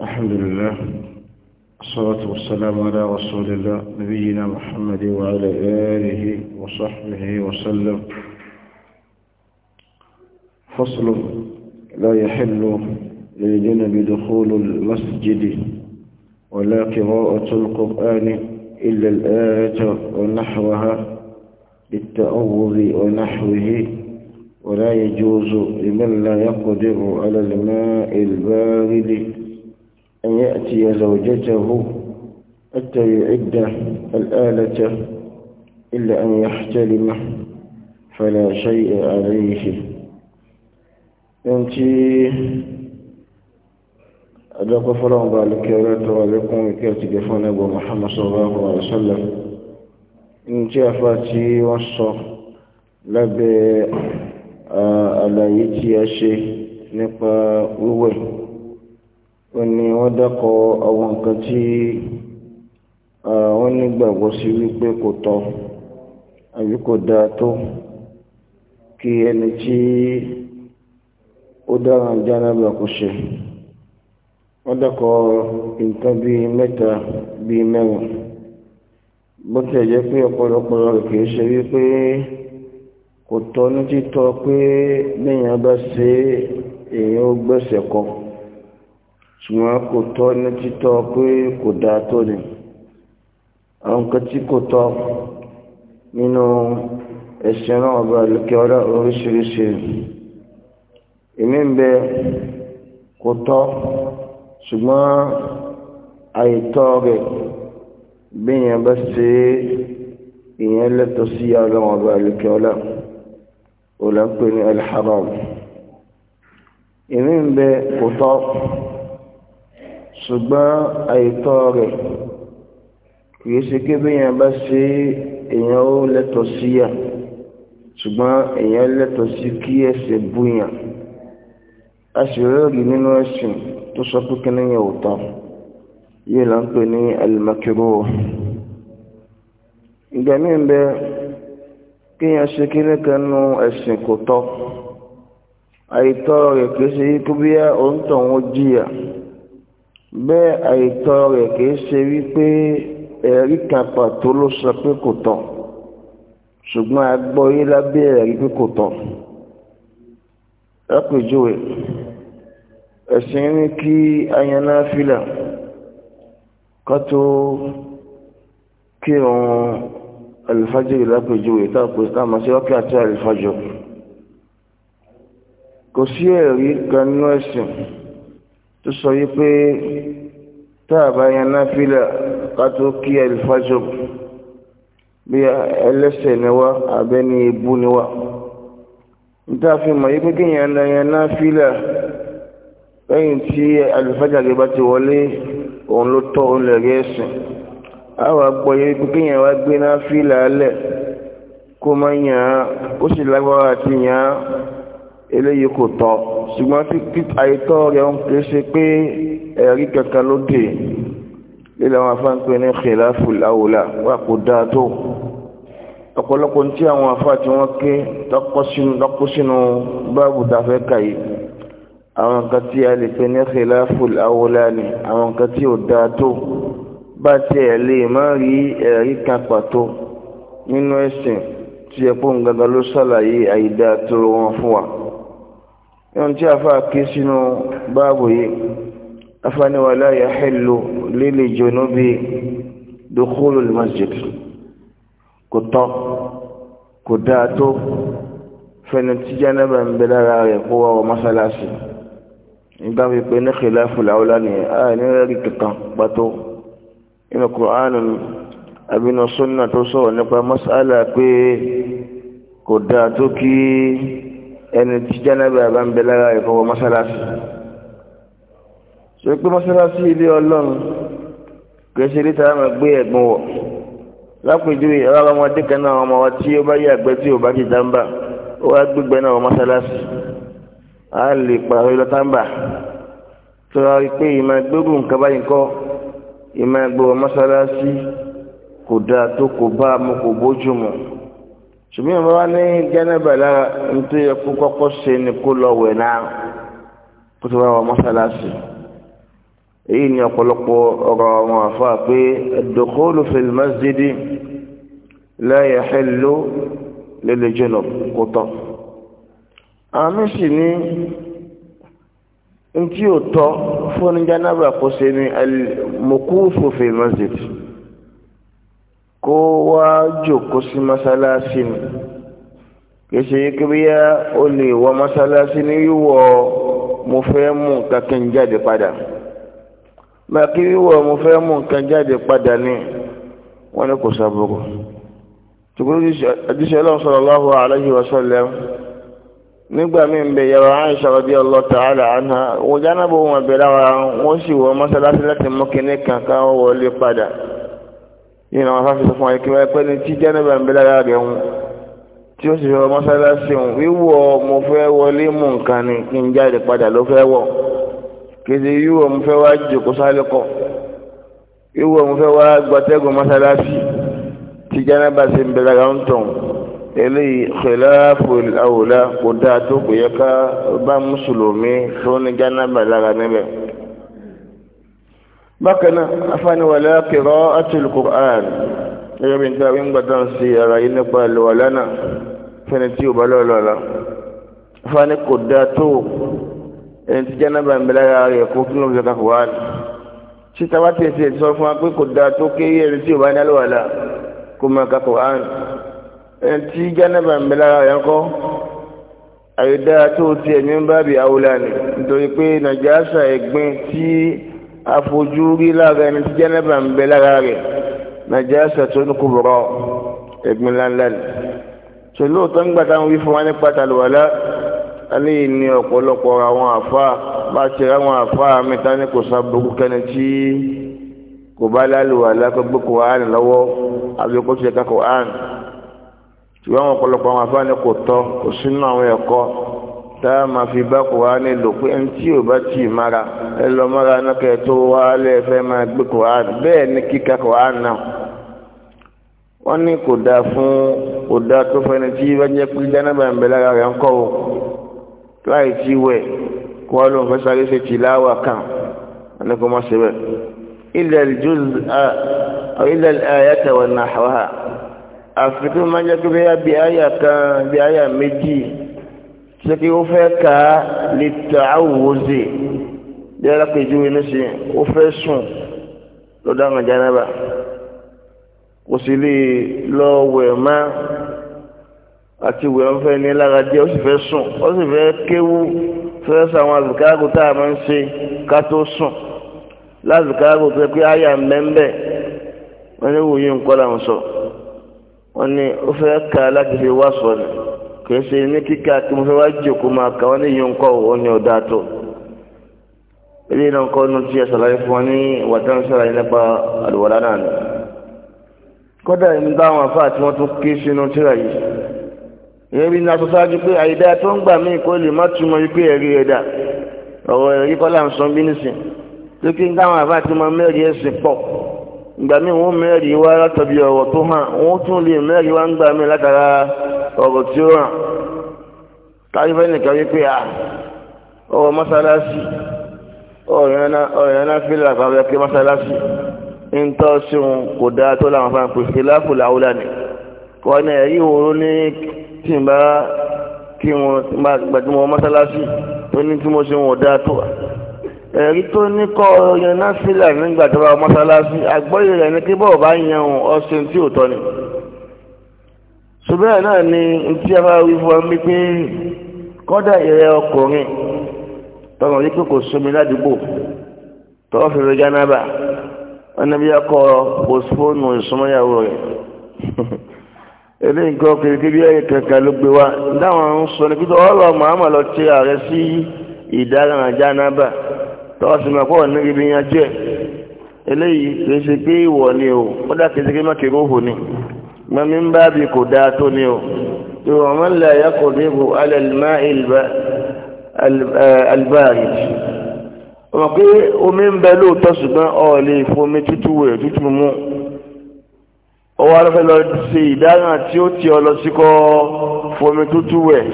الحمد لله الصلاة والسلام على رسول الله نبينا محمد وعلى آله وصحبه وسلم فصل لا يحل للجنب دخول المسجد ولا قراءة القرآن إلا الآية ونحوها للتأوض ونحوه ولا يجوز لمن لا يقدر على الماء البارد أن يأتي زوجته حتى يعد الآلة إلا أن يحتلم فلا شيء عليه أنت أدق فلان بالكرات ولكم كاتب فانا أبو محمد صلى الله عليه وسلم أنت أفاتي وصف لبي àlàyé آه، يتي أشي نقا nípa wọ́n ní wọ́n dẹ́kọ̀ àwọn nǹkan tí wọ́n nígbàgbọ́ sí wípé kò tọ́ àbí kò dáa tó kí ẹni tí ó dára jánábà kò ṣe wọ́n dẹ́kọ̀ nǹkan bíi mẹ́ta bíi mẹ́rin bó tilẹ̀ jẹ́ pé ọ̀pọ̀lọpọ̀ rẹ̀ kìí ṣe wípé ṣùgbọ́n kò tọ́ ní títọ́ pé kò dáa tó ni àwọn nǹkan tí kò tọ́ nínú ẹ̀sìn náà ọba lókè ọ̀rá oríṣiríṣi èmi ń bẹ kò tọ́ ṣùgbọ́n àìtọ́ rẹ̀ bí èèyàn bá ṣe ìyẹn lẹ́tọ̀ọ́ sí ara wọn ọba lókè ọ̀rá òlà ń pè ní alḥaram èmi ń bẹ kò tọ́ ṣùgbọ́n àìtọ́ rẹ̀ kìí ṣe ké bíyàn bá ṣe èèyàn ó lẹ́tọ̀ọ́ sí yà ṣùgbọ́n èèyàn lẹ́tọ̀ọ́ sí kí ẹsẹ̀ búyàn a sì rẹ́rì nínú ẹ̀sìn tó sọ pé kí níyàn ò tán yìí là ń pè ní alimakiro ìgbà míì bẹ kéèyàn ṣe kí nìkan nu ẹ̀sìn kò tọ́ àìtọ́ rẹ̀ kìí ṣe kí bíyà òǹtọ̀ wọn jìyà bẹ́ẹ̀ àìtọ́ rẹ̀ kìí ṣe wípé ẹ̀rí kan pàtó ló sọ pé kò tọ́ ṣùgbọ́n a gbọ́ yé lábẹ́ ẹ̀rí pé kò tọ́ lápèjúwe ẹ̀sìn ní kí ayaná fìlà ká tó kírun àlùfájìrì lápèjúwe táàpù táàmù sí ọkẹ́ àti àlùfájò kò sí ẹ̀rí kan nínú ẹ̀sìn tó sọ yìí pé tá a bá yan náfìlà ká tó kí àlùfáàjọ bí ẹlẹ́sẹ̀ ni wá abẹ́ni ebú ni wá níta fi mọ̀ yìí pé kéèyàn yan náfìlà lẹ́yìn tí àlùfáàjọ àgbẹ̀ ti wọlé òun ló tọ́ òun lẹ̀ rí ẹ̀sìn àwọn agbọ̀yẹ ikú kíyàn wá gbé náà fílà kó má yàn án ó sì lágbára àti yàn án eléyìí kò tọ́ ṣùgbọ́n tí àìtọ́ rẹ̀ ń ké ṣe pé ẹ̀rí kankan ló dé lílẹ̀ àwọn afá ń pè ní khilafu al-awla wà kò dáa tó ọ̀pọ̀lọpọ̀ ní tí àwọn afá tí wọ́n ké lọ́kọ́ sínú báàbù tàfẹ́ kàyí àwọn nǹkan tí a lè pè ní khilafu al ni àwọn nǹkan tí ò dáa tó bá tiẹ̀ lè má rí ẹ̀rí kan pàtó nínú ẹ̀sìn tí ẹ̀pọ̀ ń gangan ló ṣàlàyé àìdáa tó wọn fún wa yọ́n tí a fà kí sínú báàbò yìí afániwàlá yà hẹ́lò lílì jọ̀nà bí dùkúlù masjid kò tọ́ kò dáa tó fẹ́ni tí jẹ́nẹ́bà ń bẹ lára rẹ̀ kó wà wọ mọ́sálásì nígbà pípẹ́ ní khilafu láwùlá ni a ní rẹ́rì kankan pàtó inú kùránù àbínú súnà tó sọ̀rọ̀ nípa mas'ala pé kò dáa kí ẹni tí jẹ́nẹ́bí àbá ń bẹ lára ìfọwọ́ mọ́sálásí ṣe pé mọ́sálásí ilé ọlọ́run kẹsì rí tàbí àwọn gbé ẹ̀gbọ́n wọ̀ lápèjúwe ẹ̀rọ ọmọdé kan náà ọmọ wa tí ó bá yẹ àgbẹ̀ tí ò bá ti dáńbà ó wá gbígbẹ́ náà mọ́sálásí á lè pàrọ̀ ìlọ táǹbà tó wá rí pé ìmọ̀ gbógun nǹkan báyìí kọ́ ìmọ̀ gbọ́ mọ́sálásí kò dáa tó kò bá mu kò bójú mu ṣùgbọ́n ìmọ̀ wa ní jẹ́nẹ́bà lára ní tó yẹ kó kọ́kọ́ ṣe ni kó lọ wẹ̀ náà kó tó bá wà mọ́sálásì èyí ni ọ̀pọ̀lọpọ̀ ọ̀rọ̀ àwọn àfa pé ad-dukhulu fil masjidi la yahillu lil àmì sì ní ntí ò tọ́ fún jẹ́nẹ́bà kó ṣe ni al-mukufu fil masjidi kó wá jòkó sí mọ́sálásí ni kì í o lè wọ mọ́sálásí ní wíwọ mo fẹ́ mú nǹkan kí n jáde padà máa kí wíwọ mo fẹ́ mú nǹkan jáde padà ni wọ́n ní kò sábòrò tukuru adisẹ lọn sallallahu alayhi wa sallam nígbà míì bẹ yàrá Aisha radiyallahu ta'ala anha wọ́n jáná bó wọn bẹ̀rẹ̀ wa wọ́n sì wọ mọ́sálásí láti mú kíní kankan wọlé padà yìí làwọn afáfi sọ fún wa kí wọ́n pẹ́ ní tí jẹ́nẹ́bà ń bẹ lára rẹ̀ ń tí ó sì fẹ́ mọ́sálásí ń wíwọ́ mo fẹ́ wọlé mú nǹkan ni kí n jáde padà ló fẹ́ wọ̀ kìsì wíwọ́ mo fẹ́ wá jòkó sálẹ́kọ̀ wíwọ́ mo fẹ́ wá gbọ́tẹ́gùn mọ́sálásí tí jẹ́nẹ́bà sì ń bẹ lára ń eléyìí khilafu al-awla kò dáa tó kò yẹ ká bá mùsùlùmí tó ní jẹ́nẹ́bà lára níbẹ̀ bákan náà afáàní wà lákìrọ́ àtúlù Qur'an gẹ́gẹ́ bí n ta wíńgbà tán sí ara yìí nípa àlùwàlá náà fẹ́ni tí ò bá lọ́ọ̀lọ́ọ̀lá afáàní kò dáa tó ẹni tí jẹ́nàbà ń bẹ lára rẹ̀ kó kí ló ń zaka Qur'an síta wá tẹ̀sí ẹ̀ sọ fún wa pé kò dáa tó kéyí ẹni tí ò bá ní àlùwàlá kó máa ka Qur'an ẹni tí jẹ́nàbà ń bẹ lára rẹ̀ kọ́ àyè dáa tó tiẹ̀ ní àfojúrí lára ẹni tí jẹ́nẹ́bà ń bẹ lára rẹ̀ najasatun kubra ẹ̀gbin lánlá ni tòlú òtọ́ ń gbàtà wọn wí fún wa nípa tàlùwàlá aléyìí ní ọ̀pọ̀lọpọ̀ àwọn àfa bá ti ra àwọn àfa mẹ́ta ní kò sábòkú kẹ́ni tí kò bá lálùwàlá kó gbé Qur'an lọ́wọ́ àbí kó tiẹ̀ ká Qur'an tìwọ́n ọ̀pọ̀lọpọ̀ àwọn àfa ni kò tọ́ kò sínú àwọn ẹ̀kọ́ tá a máa fi bá kùránì lò pé ẹni tí ò bá tì í mara ẹ lọ mọ́ra náà kẹ́ ẹ tó wá lẹ́ẹ̀fẹ́ máa gbé kùránì bẹ́ẹ̀ ni kíka kùránì náà wọ́n ní kò dáa fún kò dáa tó fẹ́ni tí bá jẹ́ pé jánábà ń bẹ lára rẹ̀ ń kọ́ o láì tí wẹ̀ kó wá lóun fẹ́ sáré ṣe tì láwà kan ẹni kò mọ̀ síbẹ̀ ilẹ̀ jùz ilẹ̀ ayata náà àfikún máa jẹ́ pé bí ayà kan bí ayà méjì ṣé kí ó fẹ́ ka lè ta àwòzè bí alápèjúwe níṣẹ́ ó fẹ́ sùn lọ́dọ̀ àwọn jánábà kò sì lè lọ wẹ̀ má àti wẹ̀ ń fẹ́ ní lára díẹ̀ ó sì fẹ́ sùn ó sì fẹ́ kéwú fẹ́ sàwọn àzùkárò tá a máa ń ṣe ká tó sùn lázùkárò tó yẹ pé àyà ń wọ́n ní wòye ń làwọn sọ wọ́n ní ó fẹ́ ka láti fi sọ ni kìí ṣe ní kíkà kí mo fẹ́ wá jòkó máa kà wọ́n ní yín kọ́ òun ni ọ̀dà tó ilé náà kọ́ nu tí ẹ ṣàlàyé fún wọn ní wàtán ṣàlàyé nípa àlùwàlá náà ni kódà ń bá àwọn afá àti wọn tún ké sínú tíra yìí ìyẹn bí náà tó ṣáájú pé àìdá tó ń gbà míì kó lè má túmọ̀ wípé ẹ̀rí ẹ̀dá ọ̀rọ̀ ẹ̀rí kọ́lá ń sọ bí nísìn tó kí ọ̀rọ̀ tí ó hàn káyọ̀fẹ́ nìkan wípé a ọwọ́ mọ́sálásí ọ̀rẹ́ná fílẹ̀ àbáwẹ́ pé mọ́sálásí ń tọ́ sí òun kò dáa tó làwọn fáwọn pè sí láfùlà àwùlà ni wọ́n ní ẹ̀yí òru ní tí n bá kí wọn gbajúmọ̀ mọ́sálásí tó ní tí mo ṣe wọn dáa tó ẹ̀rí tó ní kọ́ ọ̀rẹ́ná fílẹ̀ nígbà tó bá mọ́sálásí àgbọ́yé rẹ̀ ní kí bọ́ọ̀ bá yan ọ̀sìn tí ò tọ́ ni. ṣùgbọ́n náà ni tí a bá wí fún mi pé kọ́dà ìrẹ ọkùnrin tọrọ yìí pé kò sómi ládùúgbò tọrọ fèrè gánábà wọn na akọ pòsífóònù ìsúnmọ́yàwó rẹ̀ eléyìí nǹkan kékeré bí ẹ̀yẹ kankan ló gbé wa dáwọn ń sọ ní pípẹ́ ọ̀rọ̀ màmá lọ ti ààrẹ sí ìdáràn sì máa ibi eléyìí kì í ṣe pé ìwọ ni o ó dà kì má kéré òhò ni. mami ń bá bi kò dáa tó ni o ìwọ̀n máa ń lè ayákò níbo alẹ́lmá albáàrí ọmọ pé omi ń bẹ lóòótọ́ ṣùgbọ́n ọ lè fomi tútù wẹ̀ tútù mú ọwọ́ arọ́fẹ́ lọ sí ìdáná tí ó ti ọ lọ sí kọ́ fomi tútù wẹ̀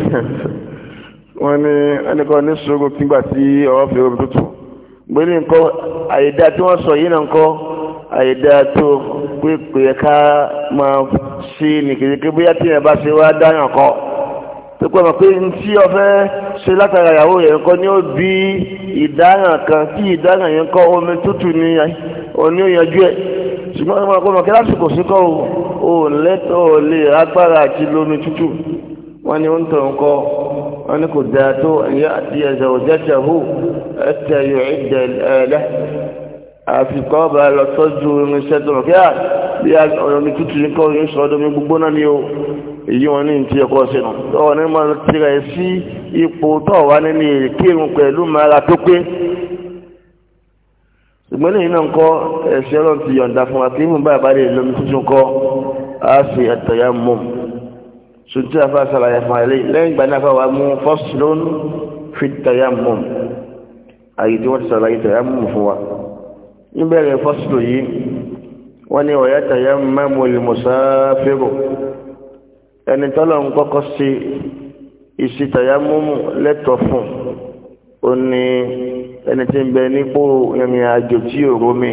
wọ́n ní ẹnìkan ní ṣòro nígbà tí ọwọ́ fi omi tútù gbé ní nǹkan àyèdá tí wọ́n sọ yìí náà nǹkan àyèdá tó pé pé ká ṣe ní kékeré bóyá tí yẹn bá ṣe wá dáyàn kọ́ tó pẹ́ mọ̀ pé n tí ṣe látara ìyàwó yẹn kọ́ ni ó bí ìdáyàn kan tí ìdáyàn yẹn kọ́ omi tútù ni òní òyànjú ẹ̀ ṣùgbọ́n ọmọ ọkọ̀ mọ̀ kí lásìkò sí kọ́ ò lẹ́tọ̀ọ́ lè agbára àti lómi tútù wọ́n ní oúnjẹ nǹkọ́ wọ́n ní kò dáa tó ẹ̀yà àti ẹ̀zẹ̀ òjẹ́sẹ̀ hù ẹ̀tẹ̀ yóò ẹ̀dẹ̀ ẹ̀lẹ́ àfikọ́ bá lọ tọ́jú irinṣẹ́ tó mọ̀ kí bí ọ̀yọ́ mi tútù ní kọ́ ní sọ́dọ̀ mi gbogbo náà ni o èyí wọn ní ti ẹ̀kọ́ sínú tọ́wọ́ ní máa tira ẹ̀ sí ipò tọ́wọ́ nínú ìkírun pẹ̀lú mara tó pé ṣùgbọ́n lẹ́yìn náà ń kọ́ ẹ̀sìn ọlọ́run ti yọ̀ǹda fún wa kí mú bá ìbálẹ̀ lómi tuntun kọ́ á sì ẹ̀tọ̀yà mọ́ sùtú àfa ṣàlàyé fún lẹ́yìn ìgbà náà fáwọn mú fọ́sùlọ́n fi tẹ̀yà mọ́ àyè tí wọ́n ti ṣàlàyé tẹ̀yà mọ́ fún wa níbẹ̀rẹ̀ fọ́sùlọ́ yìí wọ́n ní ọ̀yátàyà mẹ́mọ̀lì mùsáfẹ́rò ẹni tọ́lọ̀ ń kọ́kọ́ sí ìsìtàyà múmù lẹ́tọ̀ fún ó ní ẹni tí ń bẹ nípò ìrìn àjò tí òró mi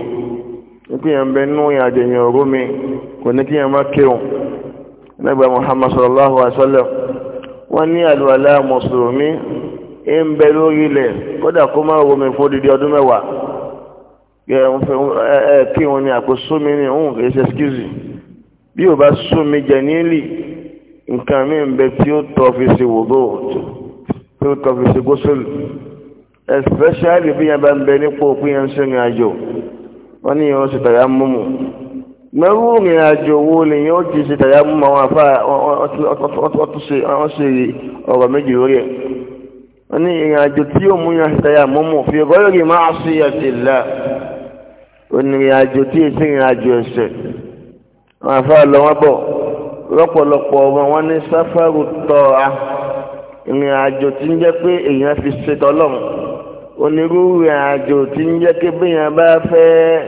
nípò ìyẹn bẹ nú ìrìn àjò ìyẹn òró mi kò ní kí ìyẹn má kéwòn nígbà Muhammad sallallahu alaihi wa sallam wọ́n ní àlùwàlá mùsùlùmí ń bẹ lórí ilẹ̀ kódà kó má wo fún odidi ọdún mẹ́wàá kí wọn ni àpò sómi ní òun kìí ṣe skizi bí o bá sómi jẹ nílì nǹkan mi ń bẹ tí ó tọ́ fi ṣe wòdó tí ó tọ́ fi ṣe gósòlù especially bí yẹn bá ń bẹ nípò pé yẹn ń ṣe ìrìn àjò wọn ní ìyẹn ó ṣe tàyà múmu mẹ́rù ìrìn àjò wo lè yẹn ó ti ṣe tàyà múmu àwọn àfa ọtún ṣe ọ̀rọ̀ méjì lórí ẹ̀ wọn ní ìrìn àjò tí yóò mú yẹn ṣe tàyà múmu fi ghairi ma'siyati Allah onírìnàjò tí èsì ìrìnàjò ẹ̀sẹ̀ wọn àfa lọ wọn bọ̀ lọ́pọ̀lọpọ̀ wọn wọn ní sáfàrù tọ́ a ìrìnàjò tí ń jẹ́ pé èèyàn fi ṣe tọ́lọ́mù onírúurú ìrìnàjò tí ń jẹ́ pé bẹ́yàn bá fẹ́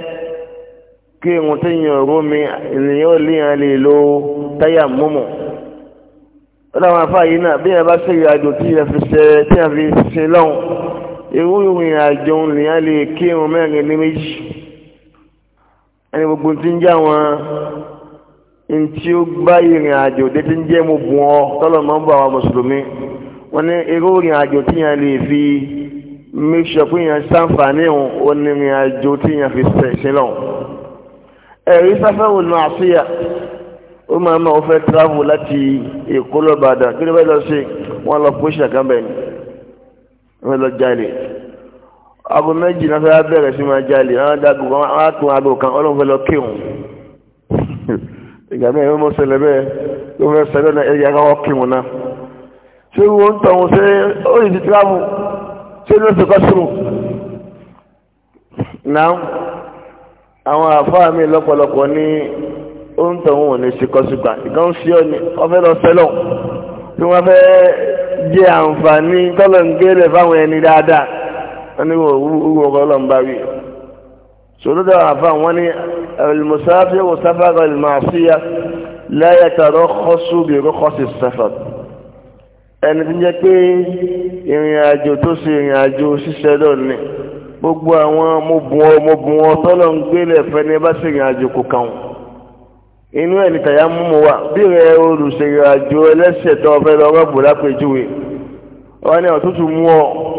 kí irun tí yàn rú mi ènìyàn ò léyàn lè lo táyà múmu wọ́n láwọn afá yìí náà bẹ́yàn bá ṣe ìrìnàjò tí yàn fi ṣe tí yàn fi ṣe lọ́hùn irú ìrìnàjò lèyàn lè kí irun mẹ́rin ní méjì ẹni gbogbo tí ń jẹ́ àwọn ntí ó gbá ìrìn àjò dé tí ń jẹ́ mo bùn ọ tọ́lọ̀ máa ń bọ̀ àwọn mùsùlùmí wọ́n ní irú ìrìn àjò tí yẹn lè fi make sure pé yẹn ṣàǹfààní òun ó ní ìrìn àjò tí yẹn fi ṣẹ̀ṣin lọ. ẹ̀rí sáfẹ́ wo nu àṣìyà ó máa ma ó fẹ́ travel láti Èkó lọ kí ló fẹ́ lọ sí wọ́n lọ pé ṣàkàmbẹ̀ ni wọ́n lọ jalè aago méjì náà fẹ́ bẹ̀rẹ̀ sí máa jalè àwọn dàgbò wọn á tún aago kan ọlọ́run fẹ́ lọ kírun ìgbà mẹ́rin mo ṣẹlẹ̀ bẹ́ẹ̀ ló fẹ́ ṣẹlẹ̀ náà ẹ̀yà káwọ́ kírun náà ṣé wọ́n ń tọ̀ wọ́n ṣe ó lè di tíráàmù ṣé ló ṣe kọ́ sùn náà àwọn àfáà mi lọ́pọ̀lọpọ̀ ní ó ń tọ̀ ò ní ṣe kọ́ sùgbà ìkan ń ṣe ọ ni ọ fẹ́ lọ ṣẹlọ̀ tí wọ́n fẹ́ jẹ àǹfààní tọ́lọ̀ ń gbélé fáwọn ẹni dáadáa ẹni wọ orúkọ ọlọ́run bá wí sòdọ́dọ̀ àfà wọn ni alimusafir wọ sáfàgà alimasiya láyàtàrọ kọsù bí rọkọsì sáfàr ẹni tí ń jẹ́ pé ìrìn àjò tó ṣe ìrìn àjò ṣiṣẹ́ lọ́ni gbogbo àwọn mobùn mobùn ọtọ́lọ̀ ń gbélé ẹ̀fẹ́ ní bá ṣèrìn àjò kò kàn inú ẹ̀ ní tàyà mú mu wá bí rẹ olùṣèrìn àjò ẹlẹ́sẹ̀ tó ọ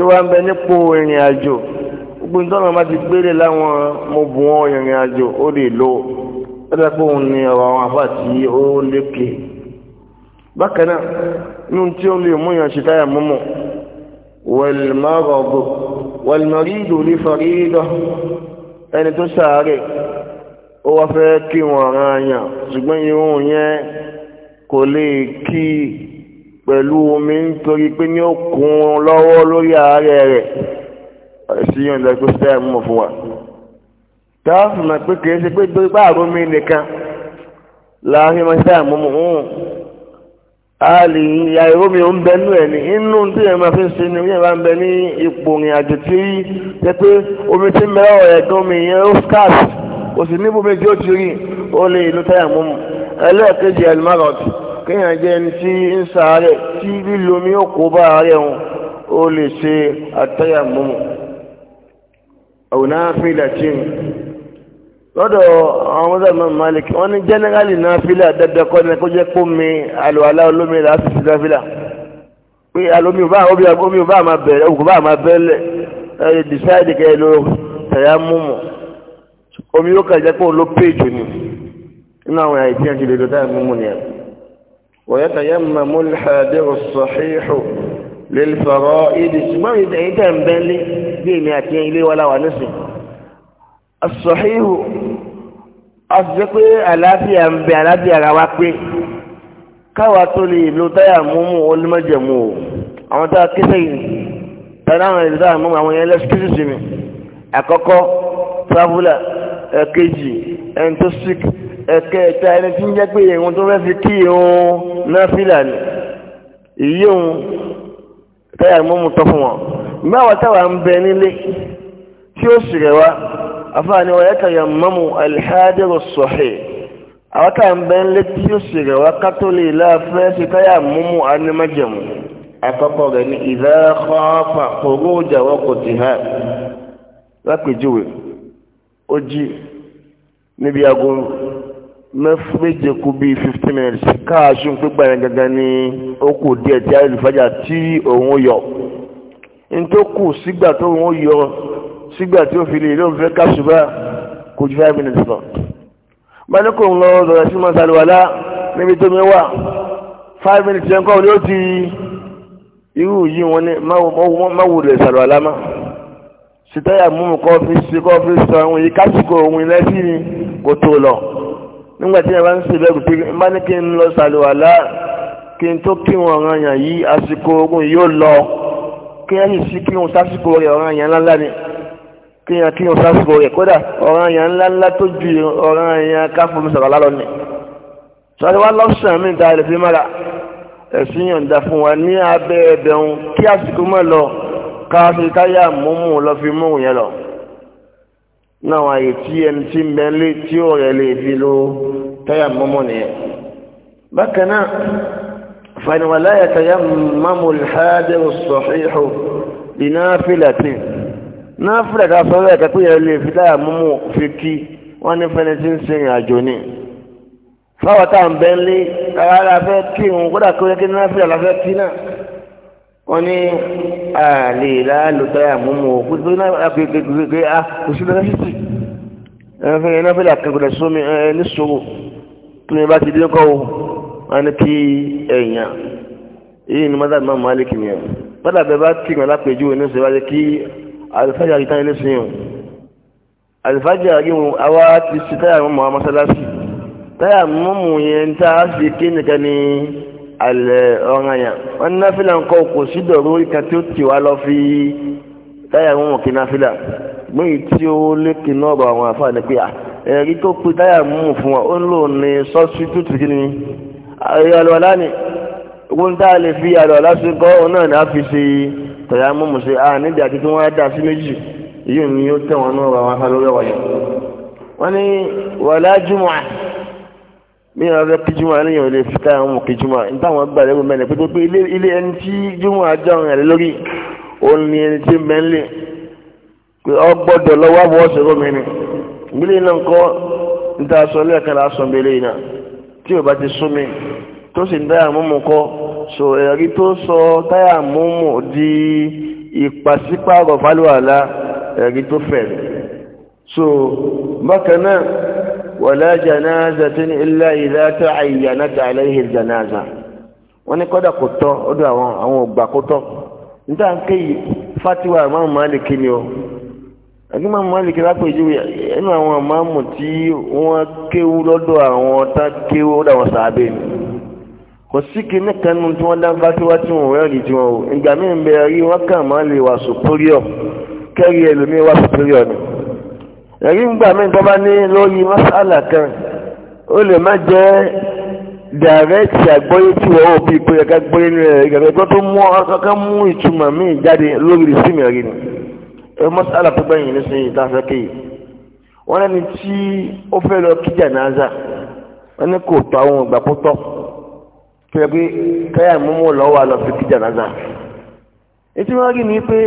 tó wá ń bẹ nípò ìrìn àjò gbogbo nítorí wọn bá ti gbélé láwọn mo bù wọn ìrìn àjò ó lè lò ó pé òun ni ọ̀rọ̀ àwọn àbá tí ó lékè bákan náà inú tí ó lè mú yàn ṣe táyà mọ́mọ́ wẹ̀lmọ́rọ̀gbò wẹ̀lmọ́rídò ní farídọ̀ ẹni tó sáré ó wá fẹ́ kí wọ́n ràn yàn ṣùgbọ́n irun yẹn kò lè kí i pẹ̀lú omi nítorí pé ní ó kún un lọ́wọ́ lórí ààrẹ rẹ̀ sí yọ̀ǹda pé sẹ́ẹ̀ mọ̀ fún wa táàfù mọ̀ pé kìí ṣe pé torí pé àrùn mi nìkan láàrin mọ̀ sẹ́ẹ̀ mọ̀ mọ̀ hùn a lè ya ìrómi ò ń bẹ nú ẹ̀ ní inú tí ẹ̀ máa fi ṣe ni wíyẹn bá ń bẹ ní ipò ìrìn àjò tí jẹ́ pé omi ti ń bẹ̀rẹ̀ ọ̀rẹ́ gan omi ìyẹn ó scarce kò sì níbo méjì ó ti rí ó lè ìlú táyà mú mu ẹlẹ́ẹ̀kejì ẹ̀lùmárọ̀tì kéèyàn jẹ́ ẹni tí ń sàárẹ̀ tí lílomi ó kó bá àárẹ̀ wọn ó lè ṣe àtẹ́yàmọ́mọ́ àwònáfíìlà tí ń lọ́dọ̀ àwọn mọ́sàmọ́ malik wọ́n ní jẹ́nẹ́rálì náfíìlà dandan kọ́ ni kó jẹ́ kó mi àlùwàlá olómi rà sí sí náfíìlà pé àlómi òbá omi omi òbá máa bẹ̀rẹ̀ òkú bá máa bẹ́lẹ̀ ẹ̀ dìsáìdì kẹ́ ẹ lọ tẹ̀yàmọ́mọ́ omi yóò kà jẹ́ pé òun ló péjù ni nínú àwọn àìsí àti ìdòdó táyà mímú ni ẹ̀. ويتيمم الحاضر الصحيح للفرائض ما يتيمم بالي بمئتين لي ولا ونسي الصحيح أصدق ألافيا بألافيا رواقي káwa tó lè lo táyà múmú olùmọ̀jẹ̀mú o àwọn tá a ké sẹ́yìn tàbí àwọn ìlú táyà múmú àwọn yẹn lẹ́sìkísì sí mi àkọ́kọ́ traveller ẹ̀kejì ẹ̀ńtọ́síkì ẹ̀kẹta ẹni tí ń jẹ́ pé irun tó fẹ́ fi kí irun náà fìlà ní ìyí òun táyà mọ́mú tọ́ fún wọn ìgbà wà táwà ń bẹ nílé tí ó sì rẹ̀ wá afáàní ọ̀yẹ́ kàyà mọ́mú alhádẹ́rù sọ̀hẹ́ àwọn táwà ń bẹ nílé tí ó sì rẹ̀ wá láàfẹ́ sí táyà mọ́mú anímájẹ̀mú àkọ́kọ́ rẹ̀ ní ìdáhọ́fà kòrò ìjàwọ́ kò ti hà lápèjúwe ó jí níbi agogo méje kú bíi fifteen minutes káàṣù pípa yẹn gangan ni ó kù díẹ̀ tí alùfájà tí òun yọ ntókù sígbà tó òun yọ sígbà tí ó fi lè lóun fẹ́ káṣù bá kò ju five minutes lọ báyìí kò ń lọ lọ́dọ̀ sí mọ́sálùwàlá níbi tó mi wà five minutes yẹn kọ́ ni ó ti irú yìí wọn ni má wulẹ̀ sàlùwàlá má sitaya mímu kọ́ fi ṣe kọ́ fi sọ àwọn yìí kásìkò òun lẹ́sìn ni kò tó lọ nígbà tí yàrá ń ṣe bẹ́ẹ̀ pé má ní kí n lọ sàlùwàlá kí n tó kí wọn ọ̀ràn yàn yìí àsìkò ogun yóò lọ kí yẹn yìí sí kí wọn sásìkò rẹ̀ ọ̀ràn yàn ńláńlá ni kí yẹn kí wọn sásìkò rẹ̀ kódà ọ̀ràn yàn ńláńlá tó ju ọ̀ràn yàn káfọ́ mi sọ̀rọ̀ lálọ́ ni. sọ́dọ̀ wá lọ́sàn-án mi ta ilẹ̀ fi mọ́ra ẹ̀sìn yọ̀ǹda fún wa ní abẹ́ ẹ̀bẹ̀rún kí àsìkò mọ́ lọ káfíńtáyà mú mú lọ fi mú yẹn lọ náà àyè tí ẹni tí ń bẹ lé tí ó rẹ̀ lè fi lo táyà mọ́mọ́ nìyẹn bákan náà fàníwàlá ẹ̀tẹ̀yà mamul hajjẹ́ sọ̀híhù bí náà fílẹ̀ tí náà fílẹ̀ ká sọ́rọ̀ ẹ̀kẹ́ pé fi táyà mọ́mọ́ fi kí wọ́n ní fẹ́ni tí ń sin ìrìn àjò ni fáwọn táà ń bẹ lé kára la fẹ́ kí òun kódà kó yẹ kí la fẹ́ kí náà wọ́n ní àlè lálùtọ́ àmúmú òkú tó ní agbègbè a kò sí lọ́wọ́ títì ẹ̀rọ fún yẹn náà fẹ́lẹ̀ akẹ́kọ̀ọ́ sómi ẹ̀ ní sòwò tó ní bá ti dé kọ́ wọn ní kí ẹ̀yàn èyí ni mọ́tà máa máa lékì nìyẹn mọ́tà bẹ́ẹ̀ bá kí ìgbà lápẹ̀jú ní sèwá jẹ́ kí àlùfáàjà yìí táyé lẹ́sìn yìí àlùfáàjà yìí wọn àwa ti ṣe táyà mọ́mọ́ mọ́sálásì táyà mọ́mọ́ yẹn tá a ṣe kéènìkan ní ọ̀ranyàn wọn náfìlà ńkọ́ kò sí dọ̀rọ̀ orí kan tí ó tì wá lọ fi táyà mú kí náfìlà mú èyí tí ó lékè náà bọ̀ àwọn àfa ni pé à ẹ̀rí tó pe táyà mú fún wa ó ń lò ní sọ́ọ̀sì tútù kí ni àlùwàlá ni ogun tá a lè fi àlùwàlá sí kọ́ òun náà ní a fi ṣe tọ̀yà mú mu ṣe à nídìí àti tí wọ́n á dà sí méjì èyí ni ó tẹ̀wọ̀n náà bọ̀ àwọn àfa lórí ọ̀wọ̀ wọ́n ní wàlá jùmọ̀ mìíràn fẹ́ kí jùmọ̀ aníyàn lè fi káyà mú kí jùmọ̀ ìtàwọn gbà lẹ́gbẹ̀ẹ́ mẹ́rin pé pé ilé ẹni tí jùmọ̀ ajá òun rẹ̀ lórí òun ni ẹni tí mẹ́lẹ̀ pé ọ gbọ́dọ̀ lọ́wọ́ àbọ̀ ọ̀sẹ̀rọ̀ mẹ́rin ìgbélé náà kọ́ níta sọ lẹ́ẹ̀kan lásán bẹ́lẹ̀ iná tí ò bá ti sún mi tó sì ń táyà múmu kọ́ sọ ẹ̀rí tó sọ táyà múmu di ìpàsípàrọ̀ fálùwàlá ẹ̀rí tó fẹ̀ so bákan náà wala janazatin illa idha ta'ayyanat alayhi janaza wọ́n ní kọ́dà kò tọ́ ọdún àwọn àwọn ògbà kò tọ́ níta ń ké yìí fatiwa ìmáàmù ni o àti ìmáàmù máàlìkì lápèjúwe ẹnu àwọn ìmáàmù tí wọ́n kéwú lọ́dọ̀ àwọn tá kéwú ọ̀dọ̀ ni kò sí èyí ń gbà mí tó bá ní lórí mọ́sálà kan ó lè má jẹ́ dàrẹ́tì àgbọ́yé tí wọ́n ò bí pé ẹ̀ka gbọ́yé ní rẹ̀ ìgbàgbọ́ tó mú ọkọ̀ mú ìtumọ̀ míì jáde lórí ìsinmi rẹ̀ ni ẹ mọ́sálà tó gbẹ̀yìn ní sin ìtafẹ́ kéyì wọ́n lẹ́ni tí ó fẹ́ lọ kí jànáza wọ́n ní kò tọ́ àwọn ìgbà kó tọ́ kí pé káyà mímú lọ́wọ́ àlọ́ fi kí jànáza ètí wọ́n rí ni pé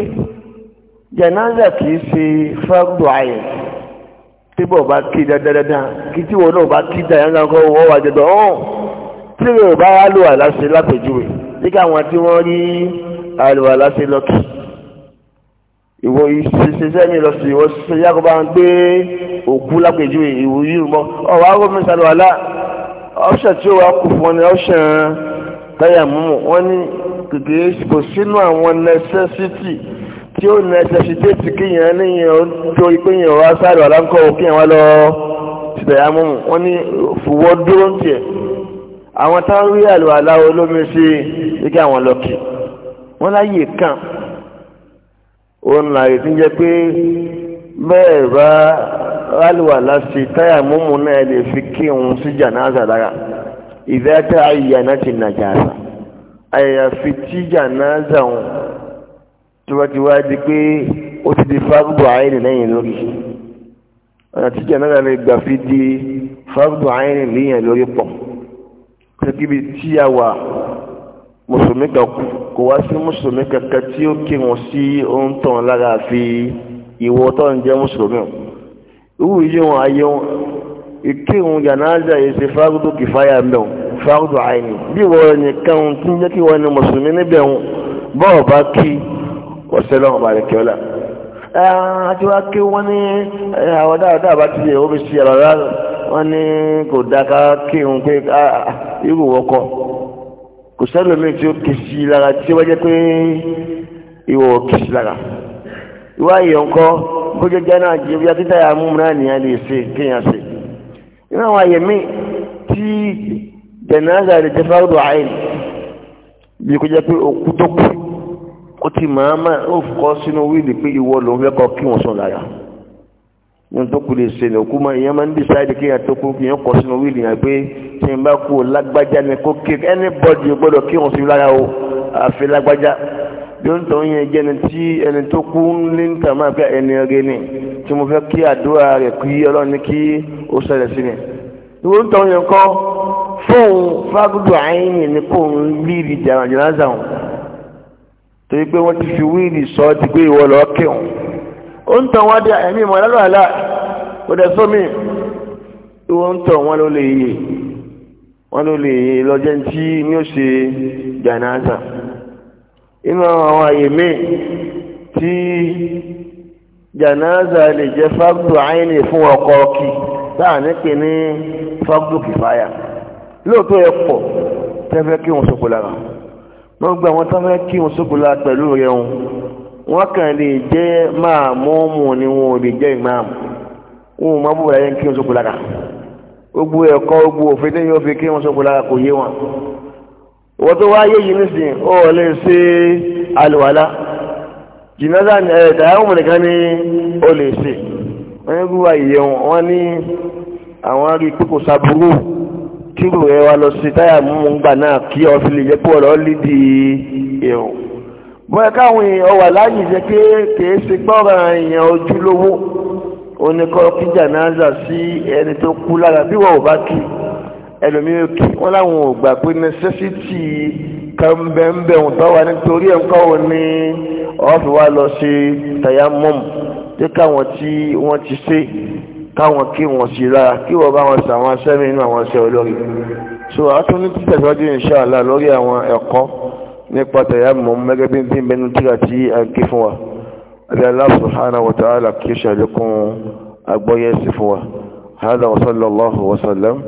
jànáza kì í ṣe fáwọn àyẹ̀ tíbọ̀ bá kí dáadáa kí tíwọ̀ náà bá kí dáadáa kọ́ wọ́n wà jẹ́dọ̀ ọ̀hún tíwọ̀ bá wá lò àláṣẹ lápèjúwe nígbà àwọn tí wọ́n rí àlò àláṣẹ lọ́kì ìwọ ìṣiṣẹ́ mi lọ sí ìwọ ṣiṣẹ́ yàgò bá ń gbé òkú lápèjúwe ìwò yìí mọ́ ọ̀wọ́ àwọn mi sàlọ̀ àlá ọ̀ṣẹ̀ tí ó wà kù fún ọ ní ọ̀ṣẹ̀ táyà mú wọn ní kìkì kò sínú àwọn necessity tí ó na ẹsẹ̀ fi déètì kíyàn níyàn tó ìpéyàn wá sáré ọ̀láńkọ́ kíyàn wá lọ sílẹ̀ amúmù wọ́n ní fòwọ́ dúró ń tiẹ̀ àwọn táwọn rí àlò aláwọ̀ olómi sí ike àwọn lọ́kì wọ́n láyè kàn òun làyè tí ń jẹ́ pé bẹ́ẹ̀ bá rálùwà láti táyà múmu náà lè fi kí òun sí jànáàzà lára ìfẹ́ tá àyè náà ti nàjà àyàfi tí jànáàzà òun tó bá ti wá di pé ó ti di fábùdù àìní lẹ́yìn lórí ọ̀nà tí jẹ̀nẹ́rà lè gbà fi di fábùdù àìní lẹ́yìn lórí pọ̀ kẹ́kíbi tí a wà mùsùlùmí kan kú kò wá sí mùsùlùmí kankan tí ó kírun sí ohun tán lára àfi ìwọ tó ń jẹ́ mùsùlùmí o irú yìí wọn ayé wọn ìkírun jànáza yìí ṣe fábùdù kìfáyà mẹ́wọ̀n fábùdù àìní bí wọ́n nìkan tí ń jẹ́ kí wọ́n ní mùsùlùmí níbẹ̀ wọn bọ́ọ̀ bá kí ọ̀sẹ̀lọ́wọ̀n bá rẹ̀ kẹ́ọ́lá àti wá kí wọ́n ní àwọn dáadáa bá ti lè ó fi ṣe àbàbá wọn ní kò dáka kí n pé irú wọkọ kò sẹ́lò mi tí ó kì sí lára tí ó bá jẹ́ pé ìwọ̀ kì sí lára ìwà ìyọ̀nkọ́ bó jẹ́ jẹ́ náà jẹ́ bí a yà mú náà nìyà lè ṣe kéèyàn ṣe inú àwọn àyẹ̀mí tí jẹ̀nà àgbà jẹ́ fáwọn àyè bí kò jẹ́ pé òkú tó kú ó ti màámà ó kọ́ sínú wíìlì pé ìwọ ló ń fẹ́ kọ́ kí wọ́n sùn lára yẹn tó kù lè ṣe ní òkú máa ìyẹn máa ń dísáìdì kí yẹn tó kú kí yẹn kọ́ sínú wíìlì yẹn pé tí n bá kú lágbájá ni kó kí anybody gbọ́dọ̀ kí wọ́n sùn lára o àfi lágbájá bí ó ń tọ́ yẹn jẹ́ ẹni tí ẹni tó kú ní níta máa fẹ́ ẹni rẹ ni tí mo fẹ́ kí àdúrà rẹ̀ kí ọlọ́run ní kí ó ṣẹlẹ̀ sí ni ìwọ ń tọ́ yẹn kọ́ fóun fágùdù torí pé wọ́n ti fi wíìnì sọ ti pé ìwọ lọ kírun ó ń tàn wọ́n dé ẹ̀mí ìmọ̀ lálọ́ àlá kò dẹ̀ sómi ìwọ ń tàn wọ́n ló lè yè wọ́n ló lè yè lọ́jọ́ tí ní ó ṣe jànáza inú àwọn àyè míì tí jànáza lè jẹ́ fábùdù àyìnì fún ọkọ̀ kì táà ní pè ní fábùdù kìfáyà lóòótọ́ ẹ̀ pọ̀ tẹ́fẹ́ kí wọ́n sọ̀kò lára gbogbo àwọn tó fẹ́ kí wọn sókòlá pẹ̀lú rẹ̀ wọn wọn kàn lè jẹ́ máàmúmù ni wọn ò lè jẹ́ ìmáàmù wọn ò máa búburú ayé kí wọn sókòlá kà gbogbo ẹ̀kọ́ gbogbo òfin tó yẹ fi kí wọn sókòlá kò yé wọn. wọ́n tó wáyé yìí nísìn ó lè ṣe àlùwàlá jìnnàdà ẹ̀ẹ́dàáwò nìkan ni ó lè ṣe wọ́n ní gbogbo àyè wọn ní àwọn arí pé kírò ẹ wa lọ sí táyà mú un gbà náà kí ọ fi lè jẹ́ pé ọ̀rọ̀ lídi ìrùn bọ́ẹ̀ káwọn èèyàn wà láyìí jẹ́ pé kìí ṣe gbọ́ra èèyàn ojúlówó oníkọ́ kí jànáza sí ẹni tó kú lára bí wọ́n ò bá kí ẹlòmíràn kí wọ́n láwọn ò gbà pé necessity kẹ́ńbẹ́ńbẹ́ ń tọ́wà nítorí ẹ̀ńkọ́ wọn ní ọ́fíwá lọ sí tàyà mọ́mù tí káwọn tí wọ́n ti ṣe káwọn kí wọn sí lára kí wọ́n bá wọn sàwọn sẹ́mi nínú àwọn iṣẹ́ olórí so a tún ní títẹ̀síwájú ìṣàlá lórí àwọn ẹ̀kọ́ nípa tẹ̀yàmọ̀ mẹ́gẹ́ bí bí bẹnu tíra tí a ń ké fún wa abẹ́ Allah subhanahu wa ta'ala kí ó sí fún wa hada wa sallallahu